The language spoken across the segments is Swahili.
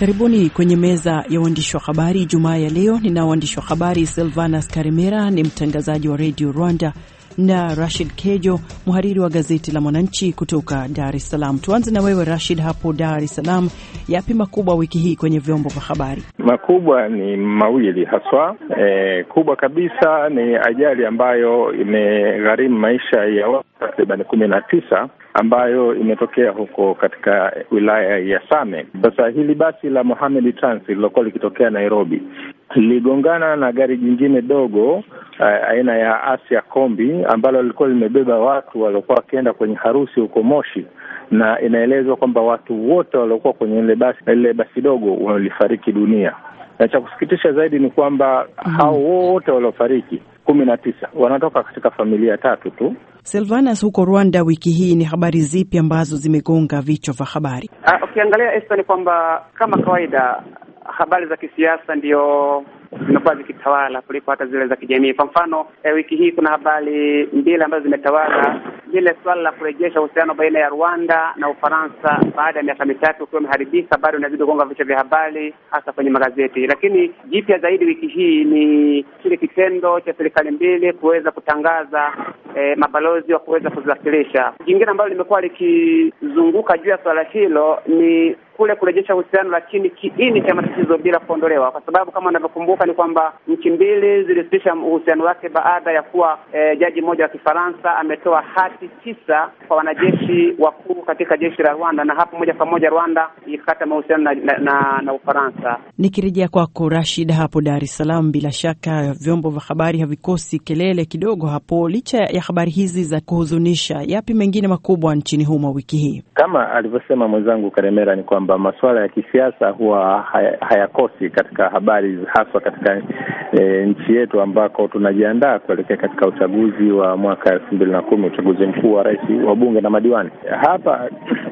Karibuni kwenye meza ya waandishi wa habari jumaa ya leo. Nina waandishi wa habari Silvanas Karimera ni mtangazaji wa redio Rwanda na Rashid Kejo, mhariri wa gazeti la Mwananchi kutoka Dar es Salaam. Tuanze na wewe Rashid, hapo Dar es Salaam, yapi makubwa wiki hii kwenye vyombo vya habari? Makubwa ni mawili haswa. E, kubwa kabisa ni ajali ambayo imegharimu maisha ya watu takribani kumi na tisa ambayo imetokea huko katika wilaya ya Same. Sasa hili basi la Mohamed Trans lililokuwa likitokea Nairobi liligongana na gari jingine dogo eh, aina ya Asia Kombi ambalo lilikuwa limebeba watu waliokuwa wakienda kwenye harusi huko Moshi, na inaelezwa kwamba watu wote waliokuwa kwenye lile basi basi dogo walifariki dunia, na cha kusikitisha zaidi ni kwamba mm -hmm. hao wote waliofariki kumi na tisa wanatoka katika familia tatu tu. Silvanus, huko Rwanda wiki hii ni habari zipi ambazo zimegonga vichwa vya habari? Ah, ukiangalia uh, okay, ni kwamba kama kawaida habari za kisiasa ndio zimekuwa zikitawala kuliko hata zile za kijamii. Kwa mfano eh, wiki hii kuna habari mbili ambazo zimetawala lile swala la kurejesha uhusiano baina ya Rwanda na Ufaransa baada ya miaka mitatu ukiwa umeharibika bado inazidi kugonga vichwa vya habari, hasa kwenye magazeti. Lakini jipya zaidi wiki hii ni kile kitendo cha serikali mbili kuweza kutangaza eh, mabalozi wa kuweza kuziwakilisha. Jingine ambalo limekuwa likizunguka juu ya swala hilo ni kule kurejesha uhusiano, lakini kiini cha matatizo bila kuondolewa, kwa sababu kama unavyokumbuka ni kwamba nchi mbili zilisitisha uhusiano wake baada ya kuwa eh, jaji mmoja wa Kifaransa ametoa hati tisa kwa wanajeshi wakuu katika jeshi la Rwanda, na hapo moja kwa moja Rwanda ikakata mahusiano na, na, na, na Ufaransa. Nikirejea kwako Rashid hapo Dar es Salaam, bila shaka vyombo vya habari havikosi kelele kidogo hapo, licha ya habari hizi za kuhuzunisha. Yapi mengine makubwa nchini humo wiki hii? Kama alivyosema mwenzangu Karemera ni kwamba kwamba masuala ya kisiasa huwa hayakosi katika habari, haswa katika e, nchi yetu ambako tunajiandaa kuelekea katika uchaguzi wa mwaka elfu mbili na kumi, uchaguzi mkuu wa rais, wa bunge na madiwani. Hapa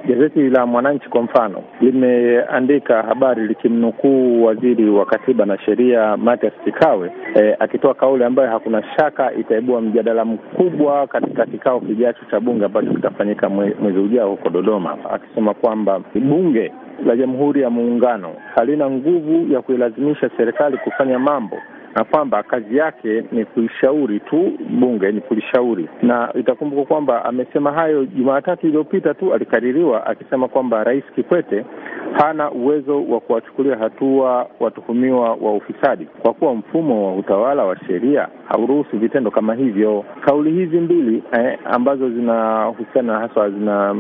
gazeti la Mwananchi kwa mfano limeandika habari likimnukuu waziri wa katiba na sheria Mathias Chikawe e, akitoa kauli ambayo hakuna shaka itaibua mjadala mkubwa katika kikao kijacho cha bunge ambacho kitafanyika mwezi ujao huko Dodoma, akisema kwamba bunge la Jamhuri ya Muungano halina nguvu ya kuilazimisha serikali kufanya mambo na kwamba kazi yake ni kuishauri tu bunge, ni kulishauri. Na itakumbuka kwamba amesema hayo Jumatatu iliyopita tu, alikaririwa akisema kwamba Rais Kikwete hana uwezo wa kuwachukulia hatua watuhumiwa wa ufisadi kwa kuwa mfumo wa utawala wa sheria hauruhusu vitendo kama hivyo. Kauli hizi mbili eh, ambazo zinahusiana haswa, zina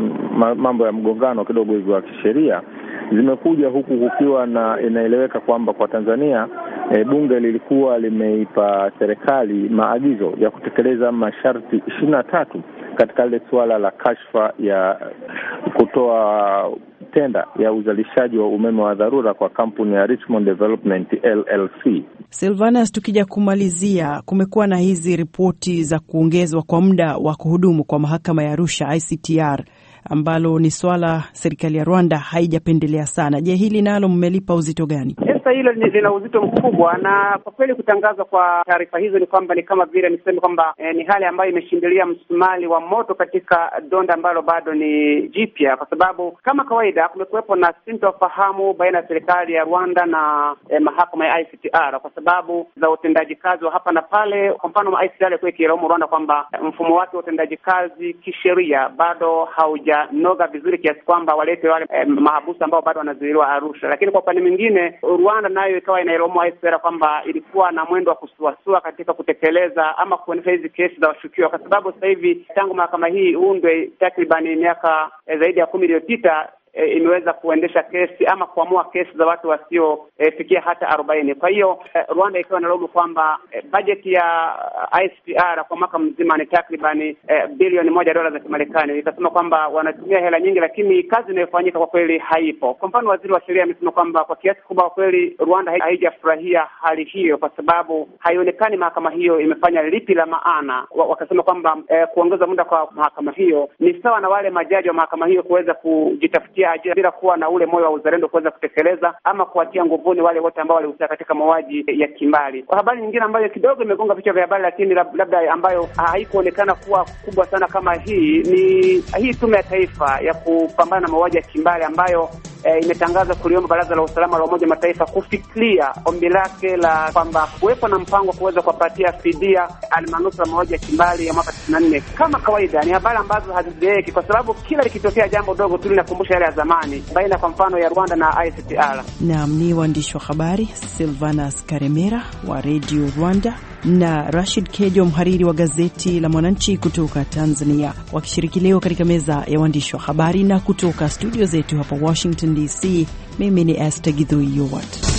mambo ya mgongano kidogo hivyo wa kisheria zimekuja huku kukiwa na inaeleweka kwamba kwa Tanzania e, bunge lilikuwa limeipa serikali maagizo ya kutekeleza masharti ishirini na tatu katika lile suala la kashfa ya kutoa tenda ya uzalishaji wa umeme wa dharura kwa kampuni ya Richmond Development LLC. Silvanus, tukija kumalizia, kumekuwa na hizi ripoti za kuongezwa kwa muda wa kuhudumu kwa mahakama ya Arusha ICTR ambalo ni swala serikali ya Rwanda haijapendelea sana. Je, hili nalo mmelipa uzito gani? Kosa hilo lina uzito mkubwa, na kwa kweli kutangazwa kwa taarifa hizo ni kwamba ni kama vile niseme kwamba eh, ni hali ambayo imeshindilia msumali wa moto katika donda ambalo bado ni jipya, kwa sababu kama kawaida kumekuwepo na sintofahamu baina ya serikali ya Rwanda na eh, mahakama ya ICTR kwa sababu za utendaji kazi wa hapa na pale. Kwa mfano, ICTR ilikuwa ikilaumu Rwanda kwamba eh, mfumo wake wa utendaji kazi kisheria bado haujanoga vizuri kiasi kwamba walete wale eh, mahabusu ambao bado wanazuiliwa Arusha, lakini kwa upande mwingine Rwanda nayo ikawa inailomoa hii sera kwamba ilikuwa na mwendo wa kusuasua katika kutekeleza ama kuendesha hizi kesi za washukiwa, kwa sababu sasa hivi tangu mahakama hii undwe takribani miaka eh, zaidi ya kumi iliyopita e, imeweza kuendesha kesi ama kuamua kesi za watu wasiofikia e, hata arobaini. Kwa hiyo e, Rwanda ikiwa inalaumu kwamba e, bajeti ya e, ICR kwa mwaka mzima ni takribani e, bilioni moja dola za Kimarekani, ikasema kwamba wanatumia hela nyingi, lakini kazi inayofanyika kwa kweli haipo. Kwa mfano, waziri wa sheria amesema kwamba kwa kiasi kubwa kwa kweli Rwanda haijafurahia hali hiyo, kwa sababu haionekani mahakama hiyo imefanya lipi la maana. Wakasema kwamba e, kuongeza muda kwa mahakama hiyo ni sawa na wale majaji wa mahakama hiyo kuweza kujitafutia kuwapatia ajira bila kuwa na ule moyo wa uzalendo kuweza kutekeleza ama kuwatia nguvuni wale wote ambao walihusika katika mauaji ya kimbali. Kwa habari nyingine ambayo kidogo imegonga vichwa vya habari, lakini labda ambayo haikuonekana kuwa kubwa sana kama hii, ni hii tume ya taifa ya kupambana na mauaji ya kimbali ambayo e, eh, imetangaza kuliomba Baraza la Usalama la Umoja Mataifa kufikiria ombi lake la kwamba kuwepo na mpango wa kuweza kuwapatia fidia almanusura mauaji ya kimbali ya mwaka tisini na nne. Kama kawaida, ni habari ambazo hazizeeki kwa sababu kila likitokea jambo dogo tu linakumbusha yale ya zamani, baina kwa mfano ya Rwanda na ICTR. Naam, ni waandishi wa habari Silvanas Karemera wa Redio Rwanda na Rashid Kejo, mhariri wa gazeti la Mwananchi kutoka Tanzania, wakishiriki leo katika meza ya waandishi wa habari. Na kutoka studio zetu hapa Washington DC, mimi ni Esther Githui Yowat.